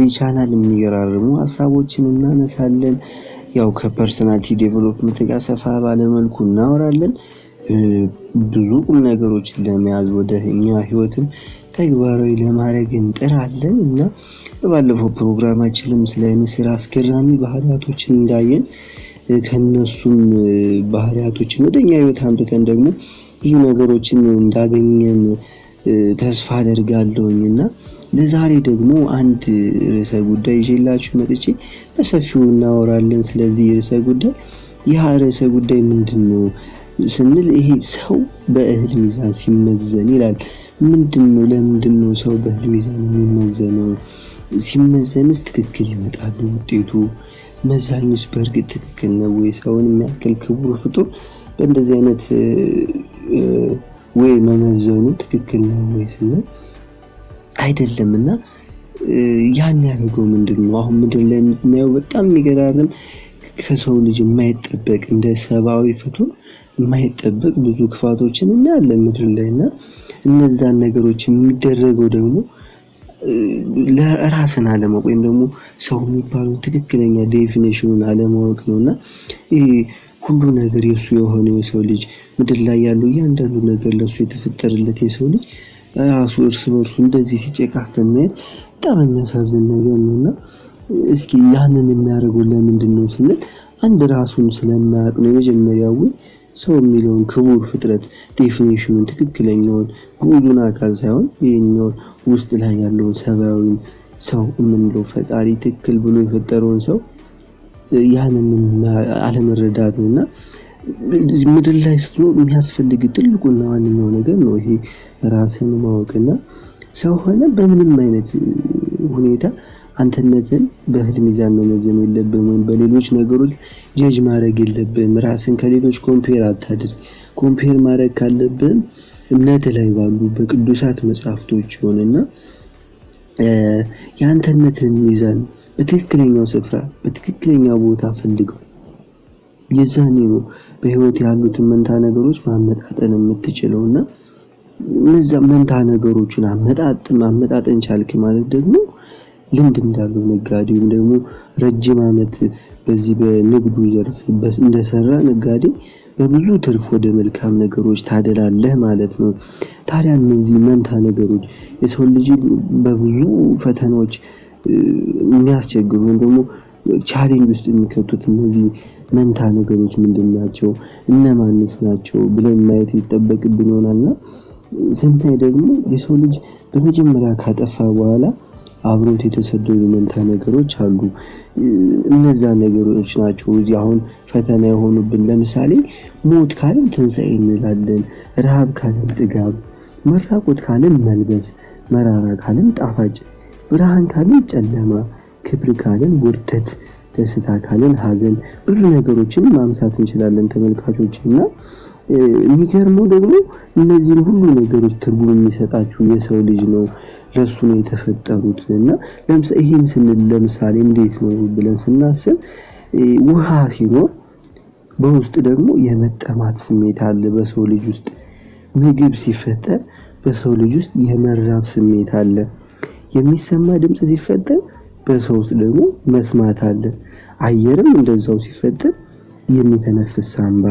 በዚህ ቻናል የሚገራርሙ ሀሳቦችን እናነሳለን። ያው ከፐርሰናልቲ ዴቨሎፕመንት ጋር ሰፋ ባለመልኩ እናወራለን። ብዙ ቁም ነገሮችን ለመያዝ ወደ እኛ ህይወትም ተግባራዊ ለማድረግ እንጥራለን እና ባለፈው ፕሮግራማችንም ስለ ንስር አስገራሚ ባህሪያቶችን እንዳየን ከነሱም ባህሪያቶችን ወደ እኛ ህይወት አምጥተን ደግሞ ብዙ ነገሮችን እንዳገኘን ተስፋ አደርጋለሁኝ እና ለዛሬ ደግሞ አንድ ርዕሰ ጉዳይ ይዤላችሁ መጥቼ በሰፊው እናወራለን። ስለዚህ ርዕሰ ጉዳይ ያ ርዕሰ ጉዳይ ምንድን ነው ስንል ይሄ ሰው በእህል ሚዛን ሲመዘን ይላል። ምንድን ነው? ለምንድን ነው ሰው በእህል ሚዛን የሚመዘነው? ሲመዘንስ ትክክል ይመጣሉ ውጤቱ? መዛኙስ በእርግጥ ትክክል ነው ወይ? ሰውን የሚያክል ክቡር ፍጡር በእንደዚህ አይነት ወይ መመዘኑ ትክክል ነው ወይ ስንል አይደለም እና ያን ያደርገው ምንድን ነው? አሁን ምድር ላይ የምናየው በጣም የሚገራርም ከሰው ልጅ የማይጠበቅ እንደ ሰብአዊ ፍጡር የማይጠበቅ ብዙ ክፋቶችን እናያለን ምድር ላይ እና እነዛን ነገሮች የሚደረገው ደግሞ ለራስን አለማወቅ ወይም ደግሞ ሰው የሚባለው ትክክለኛ ዴፊኔሽኑን አለማወቅ ነው እና ይህ ሁሉ ነገር የእሱ የሆነ የሰው ልጅ ምድር ላይ ያለው እያንዳንዱ ነገር ለእሱ የተፈጠረለት የሰው ልጅ ራሱ እርስ በርሱ እንደዚህ ሲጨካከል ማየት በጣም የሚያሳዝን ነገር ነው እና እስኪ ያንን የሚያደርገው ለምንድን ነው ስንል አንድ ራሱን ስለማያውቅ ነው። የመጀመሪያው ሰው የሚለውን ክቡር ፍጥረት ዴፊኒሽኑን ትክክለኛውን ጉዙን አካል ሳይሆን ይህኛውን ውስጥ ላይ ያለውን ሰባዊ ሰው የምንለው ፈጣሪ ትክክል ብሎ የፈጠረውን ሰው ያንን አለመረዳት ነው እና ምድር ላይ ስትኖር የሚያስፈልግ ትልቁና ዋነኛው ነገር ነው ይሄ ራስን ማወቅና ሰው ሆነ በምንም አይነት ሁኔታ አንተነትን በእህል ሚዛን መመዘን የለብም፣ ወይም በሌሎች ነገሮች ጀጅ ማድረግ የለብም። ራስን ከሌሎች ኮምፔር አታድርግ። ኮምፔር ማድረግ ካለብን እምነት ላይ ባሉ በቅዱሳት መጽሐፍቶች ሆነና የአንተነትን ሚዛን በትክክለኛው ስፍራ በትክክለኛ ቦታ ፈልገው የዛኔ ነው በህይወት ያሉትን መንታ ነገሮች ማመጣጠን የምትችለው እና እነዛ መንታ ነገሮችን አመጣጥ ማመጣጠን ቻልክ ማለት ደግሞ ልምድ እንዳለው ነጋዴ ወይም ደግሞ ረጅም ዓመት በዚህ በንግዱ ዘርፍ እንደሰራ ነጋዴ በብዙ ትርፍ ወደ መልካም ነገሮች ታደላለህ ማለት ነው። ታዲያ እነዚህ መንታ ነገሮች የሰው ልጅ በብዙ ፈተናዎች የሚያስቸግሩ ወይም ደግሞ ቻሌንጅ ውስጥ የሚከቱት እነዚህ መንታ ነገሮች ምንድን ናቸው? እነማንስ ናቸው ብለን ማየት ይጠበቅብን ይሆናልና ስንታይ ደግሞ የሰው ልጅ በመጀመሪያ ካጠፋ በኋላ አብሮት የተሰደዱ መንታ ነገሮች አሉ። እነዛ ነገሮች ናቸው እዚህ አሁን ፈተና የሆኑብን። ለምሳሌ ሞት ካለም ትንሣኤ እንላለን፣ ረሃብ ካለም ጥጋብ፣ መራቆት ካለም መልበስ፣ መራራ ካለም ጣፋጭ፣ ብርሃን ካለም ጨለማ ክብር ካለን ውርደት፣ ደስታ ካለን ሀዘን ብዙ ነገሮችን ማምሳት እንችላለን ተመልካቾች እና የሚገርመው ደግሞ እነዚህን ሁሉ ነገሮች ትርጉም የሚሰጣችሁ የሰው ልጅ ነው። ለሱ ነው የተፈጠሩት እና ይህን ስንል ለምሳሌ እንዴት ነው ብለን ስናስብ ውሃ ሲኖር በውስጥ ደግሞ የመጠማት ስሜት አለ በሰው ልጅ ውስጥ። ምግብ ሲፈጠር በሰው ልጅ ውስጥ የመራብ ስሜት አለ። የሚሰማ ድምፅ ሲፈጠር በሰው ውስጥ ደግሞ መስማት አለ። አየርም እንደዛው ሲፈጠር የሚተነፍስ ሳምባ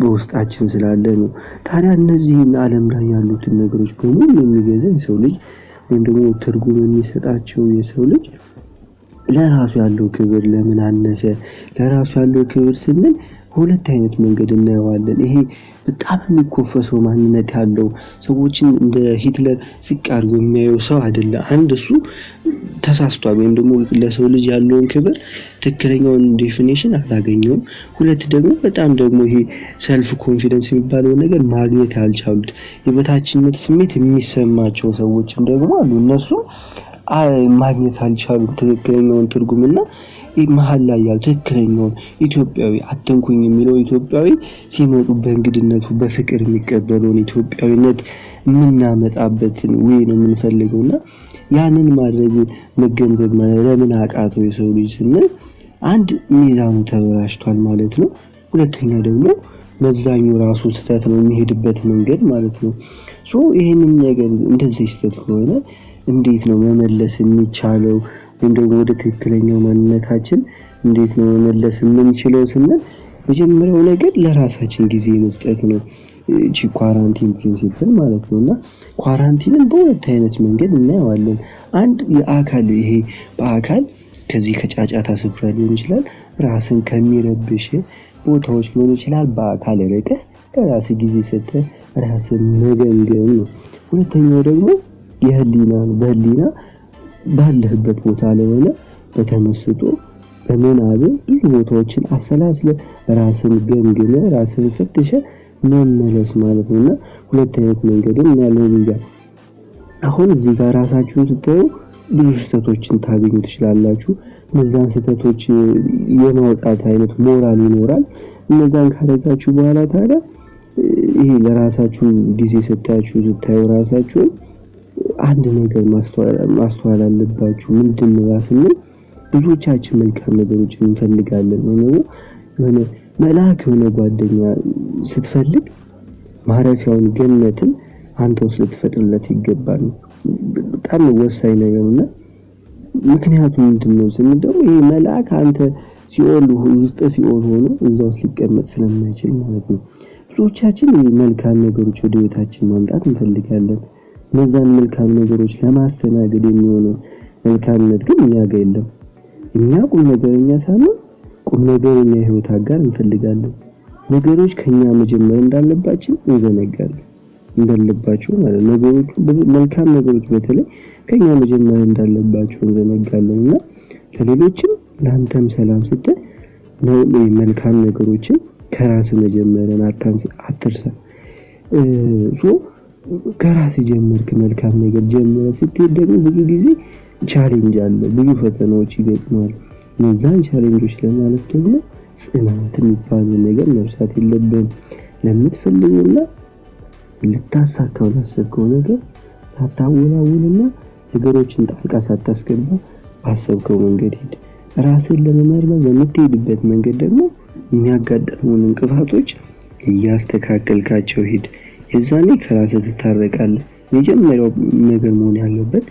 በውስጣችን ስላለ ነው። ታዲያ እነዚህን ዓለም ላይ ያሉትን ነገሮች በሙሉ የሚገዛ የሰው ልጅ ወይም ደግሞ ትርጉም የሚሰጣቸው የሰው ልጅ ለራሱ ያለው ክብር ለምን አነሰ? ለራሱ ያለው ክብር ስንል ሁለት አይነት መንገድ እናየዋለን። ይሄ በጣም የሚኮፈሰው ማንነት ያለው ሰዎችን እንደ ሂትለር ዝቅ አድርጎ የሚያየው ሰው አይደለ። አንድ እሱ ተሳስቷል፣ ወይም ደግሞ ለሰው ልጅ ያለውን ክብር ትክክለኛውን ዴፊኔሽን አላገኘውም። ሁለት ደግሞ በጣም ደግሞ ይሄ ሰልፍ ኮንፊደንስ የሚባለውን ነገር ማግኘት ያልቻሉት የበታችነት ስሜት የሚሰማቸው ሰዎችም ደግሞ አሉ። እነሱ ማግኘት አልቻሉም ትክክለኛውን ትርጉም እና መሀል ላይ ያሉ ትክክለኛውን ኢትዮጵያዊ አተንኩኝ የሚለው ኢትዮጵያዊ ሲመጡ በእንግድነት በአንድነቱ በፍቅር የሚቀበለውን ኢትዮጵያዊነት የምናመጣበትን ወይ ነው የምንፈልገው እና ያንን ማድረግ መገንዘብ ለምን አቃተው የሰው ልጅ ስንል አንድ ሚዛኑ ተበላሽቷል ማለት ነው። ሁለተኛ ደግሞ መዛኙ ራሱ ስህተት ነው የሚሄድበት መንገድ ማለት ነው። ሶ ይህንን ነገር እንደዚህ ስህተት ከሆነ እንዴት ነው መመለስ የሚቻለው? ወይም ደግሞ ወደ ትክክለኛው ማንነታችን እንዴት ነው መመለስ የምንችለው ስንል መጀመሪያው ነገር ለራሳችን ጊዜ መስጠት ነው። እቺ ኳራንቲን ፕሪንሲፕል ማለት ነው እና ኳራንቲንን በሁለት አይነት መንገድ እናየዋለን። አንድ የአካል ይሄ በአካል ከዚህ ከጫጫታ ስፍራ ሊሆን ይችላል፣ ራስን ከሚረብሽ ቦታዎች ሊሆን ይችላል። በአካል ረቀ ከራስ ጊዜ ሰጠ ራስን መገንገም ነው። ሁለተኛው ደግሞ የህሊና ነው። በህሊና ባለህበት ቦታ ለሆነ በተመስጦ በምናብህ ብዙ ቦታዎችን አሰላስለ ራስን ገምግመ ራስን ፈትሸ መመለስ ማለት ነው እና ሁለት አይነት መንገድ ያለው ብያል። አሁን እዚህ ጋር ራሳችሁን ስታዩ ብዙ ስህተቶችን ታገኙ ትችላላችሁ። እነዛን ስህተቶች የማውጣት አይነት ሞራል ይኖራል። እነዛን ካደጋችሁ በኋላ ታዲያ ይሄ ለራሳችሁ ጊዜ ስታያችሁ ስታዩ ራሳችሁን አንድ ነገር ማስተዋል አለባችሁ። ምንድን ነው ያ ልጆቻችን መልካም ነገሮች እንፈልጋለን ወይም ደግሞ የሆነ መልአክ የሆነ ጓደኛ ስትፈልግ ማረፊያውን ገነትን አንተው ስትፈጥርለት ይገባል። በጣም ወሳኝ ነገር እና ምክንያቱ ምንድን ነው ስንል ደግሞ ይህ መልአክ አንተ ሲኦል ውስጥ ሲኦል ሆኖ እዛ ውስጥ ሊቀመጥ ስለማይችል ማለት ነው። ብዙዎቻችን መልካም ነገሮች ወደ ቤታችን ማምጣት እንፈልጋለን። እነዛን መልካም ነገሮች ለማስተናገድ የሚሆነው መልካምነት ግን እኛ ጋ የለም። እኛ ቁም ነገረኛ ሳይሆን ቁም ነገረኛ ህይወት አጋር እንፈልጋለን። ነገሮች ከኛ መጀመር እንዳለባችን እንዘነጋለን እንዳለባቸው ማለት ነገሮቹ መልካም ነገሮች በተለይ ከኛ መጀመር እንዳለባቸው እንዘነጋለን እና ለሌሎችም ለአንተም ሰላም ስትል መልካም ነገሮችን ከራስ መጀመርን አትርሳ። ከራስ ጀመርክ መልካም ነገር ጀምረ ስትሄድ ደግሞ ብዙ ጊዜ ቻሌንጅ አለ፣ ብዙ ፈተናዎች ይገጥማሉ። እነዛን ቻሌንጆች ለማለት ደግሞ ጽናት የሚባል ነገር መርሳት የለብን። ለምትፈልጉና ልታሳካው ላሰብከው ነገር ሳታወላውልና ነገሮችን ጣልቃ ሳታስገባ ባሰብከው መንገድ ሄድ። ራስን ለመመርመር በምትሄድበት መንገድ ደግሞ የሚያጋጥሙን እንቅፋቶች እያስተካከልካቸው ሂድ። የዛኔ ከራስ ትታረቃለ መጀመሪያው ነገር መሆን ያለበት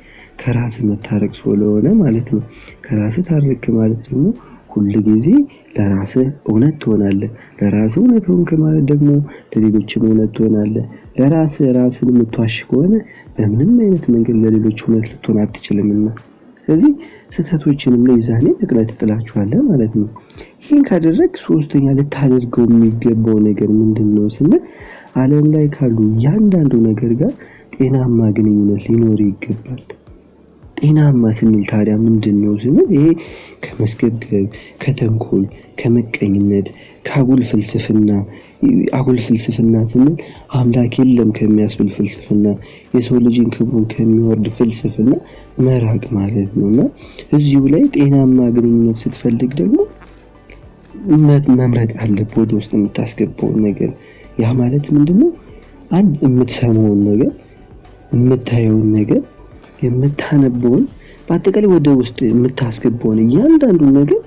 ከራስ መታረቅ ስለሆነ ማለት ነው። ከራስ ታርክ ማለት ደግሞ ሁል ጊዜ ለራስ እውነት ትሆናለህ። ለራስ እውነት ሆንክ ማለት ደግሞ ለሌሎችም እውነት ትሆናለህ። ለራስ ራስን የምትዋሽ ከሆነ በምንም አይነት መንገድ ለሌሎች እውነት ልትሆን አትችልምና ስለዚህ ስህተቶችንም ለይዛኔ ጠቅላይ ማለት ነው። ይህን ካደረግ ሶስተኛ ልታደርገው የሚገባው ነገር ምንድን ነው ስንል ዓለም ላይ ካሉ እያንዳንዱ ነገር ጋር ጤናማ ግንኙነት ሊኖር ይገባል። ጤናማ ስንል ታዲያ ምንድን ነው ስንል ይሄ ከመስገብገብ፣ ከተንኮል፣ ከመቀኝነት፣ ከአጉል ፍልስፍና አጉል ፍልስፍና ስንል አምላክ የለም ከሚያስብል ፍልስፍና የሰው ልጅን ክብሩን ከሚወርድ ፍልስፍና መራቅ ማለት ነው እና እዚሁ ላይ ጤናማ ግንኙነት ስትፈልግ ደግሞ መምረጥ አለብህ ወደ ውስጥ የምታስገባውን ነገር። ያ ማለት ምንድነው አንድ የምትሰማውን ነገር፣ የምታየውን ነገር የምታነበውን በአጠቃላይ ወደ ውስጥ የምታስገባውን እያንዳንዱ ነገር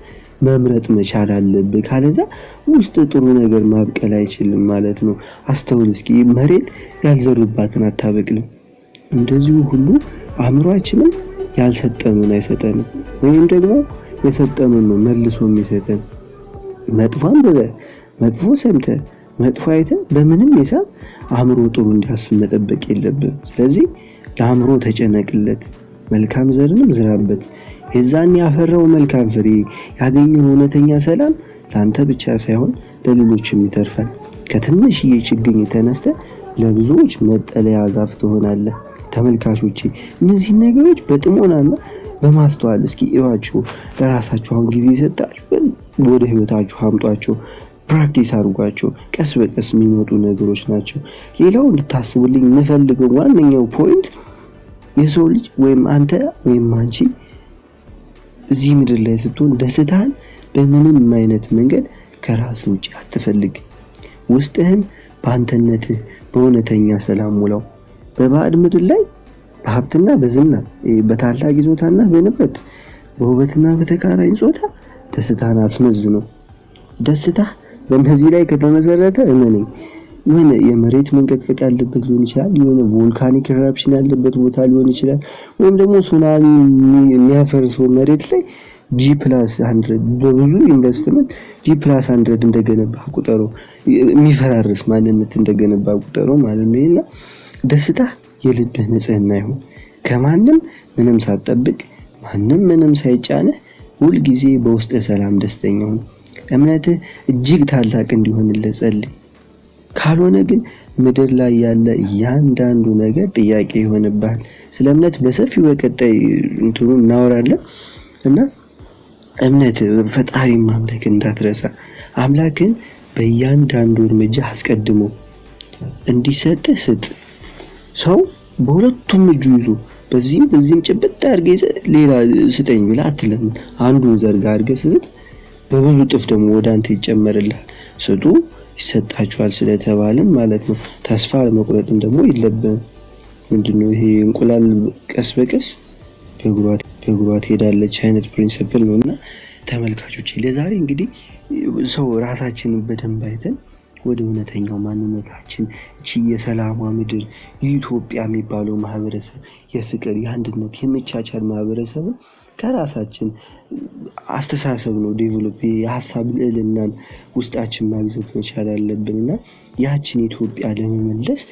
መምረጥ መቻል አለብህ። ካለዛ ውስጥ ጥሩ ነገር ማብቀል አይችልም ማለት ነው። አስተውል እስኪ መሬት ያልዘሩባትን አታበቅልም። እንደዚሁ ሁሉ አእምሯችንም ያልሰጠኑን አይሰጠንም፣ ወይም ደግሞ የሰጠኑን ነው መልሶ የሚሰጠን። መጥፎ አንብበህ መጥፎ ሰምተህ መጥፎ አይተህ በምንም ሂሳብ አእምሮ ጥሩ እንዲያስብ መጠበቅ የለብም። ስለዚህ ለአእምሮ ተጨነቅለት፣ መልካም ዘርንም ዝራበት። የዛን ያፈራው መልካም ፍሬ ያገኘው እውነተኛ ሰላም ለአንተ ብቻ ሳይሆን ለሌሎችም ይተርፋል። ከትንሽዬ ችግኝ ተነስተ ለብዙዎች መጠለያ ዛፍ ትሆናለህ። ተመልካቾች እነዚህ ነገሮች በጥሞናና በማስተዋል እስኪ እዩዋቸው። ለራሳችሁ አሁን ጊዜ ሰጣችሁ፣ ወደ ህይወታችሁ አምጧቸው፣ ፕራክቲስ አድርጓቸው። ቀስ በቀስ የሚመጡ ነገሮች ናቸው። ሌላው እንድታስቡልኝ የምፈልገው ዋነኛው ፖይንት የሰው ልጅ ወይም አንተ ወይም አንቺ እዚህ ምድር ላይ ስትሆን ደስታን በምንም አይነት መንገድ ከራስ ውጭ አትፈልግ። ውስጥህን በአንተነትህ በእውነተኛ ሰላም ሙላው። በባዕድ ምድር ላይ በሀብትና በዝና በታላቅ ይዞታና በንብረት በውበትና በተቃራኒ ይዞታ ደስታን አትመዝነው። ደስታ በእነዚህ ላይ ከተመሰረተ እመነኝ የሆነ የመሬት መንቀጥቀጥ ያለበት ሊሆን ይችላል። የሆነ ቮልካኒክ ኢራፕሽን ያለበት ቦታ ሊሆን ይችላል። ወይም ደግሞ ሱናሚ የሚያፈርሰው መሬት ላይ ጂ ፕላስ ሀንድረድ በብዙ ኢንቨስትመንት ጂ ፕላስ ሀንድረድ እንደገነባ ቁጠሮ የሚፈራርስ ማንነት እንደገነባ ቁጠሮ ማለት ነው። እና ደስታ የልብህ ንጽህና ይሁን። ከማንም ምንም ሳትጠብቅ ማንም ምንም ሳይጫንህ ሁልጊዜ በውስጥ ሰላም ደስተኛው እምነትህ እጅግ ታላቅ እንዲሆንልህ ጸልይ። ካልሆነ ግን ምድር ላይ ያለ እያንዳንዱ ነገር ጥያቄ ይሆንባል። ስለ እምነት በሰፊው በቀጣይ እንትኑ እናወራለን እና እምነት ፈጣሪ ማምለክ እንዳትረሳ፣ አምላክን በእያንዳንዱ እርምጃ አስቀድሞ እንዲሰጥ ስጥ። ሰው በሁለቱም እጁ ይዞ በዚህም በዚህም ጭብጥ አድርጌ ሌላ ስጠኝ ብለህ አትለም። አንዱን ዘርጋ አድርገ ስትሰጥ በብዙ ጥፍ ደግሞ ወደ አንተ ይጨመርልሃል። ስጡ ይሰጣቸዋል ስለተባለም ማለት ነው ተስፋ አለመቁረጥም ደግሞ የለብንም። ምንድነው ይሄ እንቁላል ቀስ በቀስ በእግሯ ትሄዳለች አይነት ፕሪንስፕል ነው እና ተመልካቾች ለዛሬ እንግዲህ ሰው ራሳችንን በደንብ አይተን ወደ እውነተኛው ማንነታችን እቺ የሰላሟ ምድር የኢትዮጵያ የሚባለው ማህበረሰብ የፍቅር፣ የአንድነት፣ የመቻቻል ማህበረሰብን ከራሳችን አስተሳሰብ ነው ዴቨሎፕ የሀሳብ ልዕልናን ውስጣችን ማግዘት መቻል አለብን እና ያችን ኢትዮጵያ ለመመለስ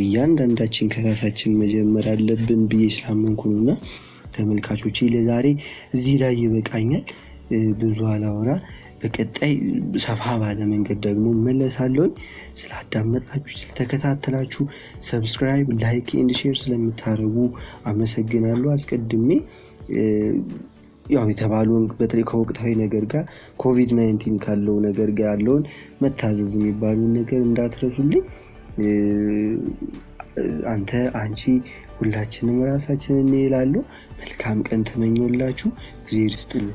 እያንዳንዳችን ከራሳችን መጀመር አለብን ብዬ ስላመንኩ ነው። እና ተመልካቾች ለዛሬ እዚህ ላይ ይበቃኛል። ብዙ አላወራ። በቀጣይ ሰፋ ባለ መንገድ ደግሞ መለሳለን ስላዳመጣችሁ፣ ስለተከታተላችሁ ሰብስክራይብ፣ ላይክ ንድ ሼር ስለምታደረጉ አመሰግናለሁ አስቀድሜ ያው የተባለውን በተለይ ከወቅታዊ ነገር ጋር ኮቪድ ናይንቲን ካለው ነገር ጋር ያለውን መታዘዝ የሚባለውን ነገር እንዳትረሱልኝ። አንተ፣ አንቺ፣ ሁላችንም ራሳችን እንላሉ። መልካም ቀን ተመኞላችሁ። ጊዜ ይስጥልኝ።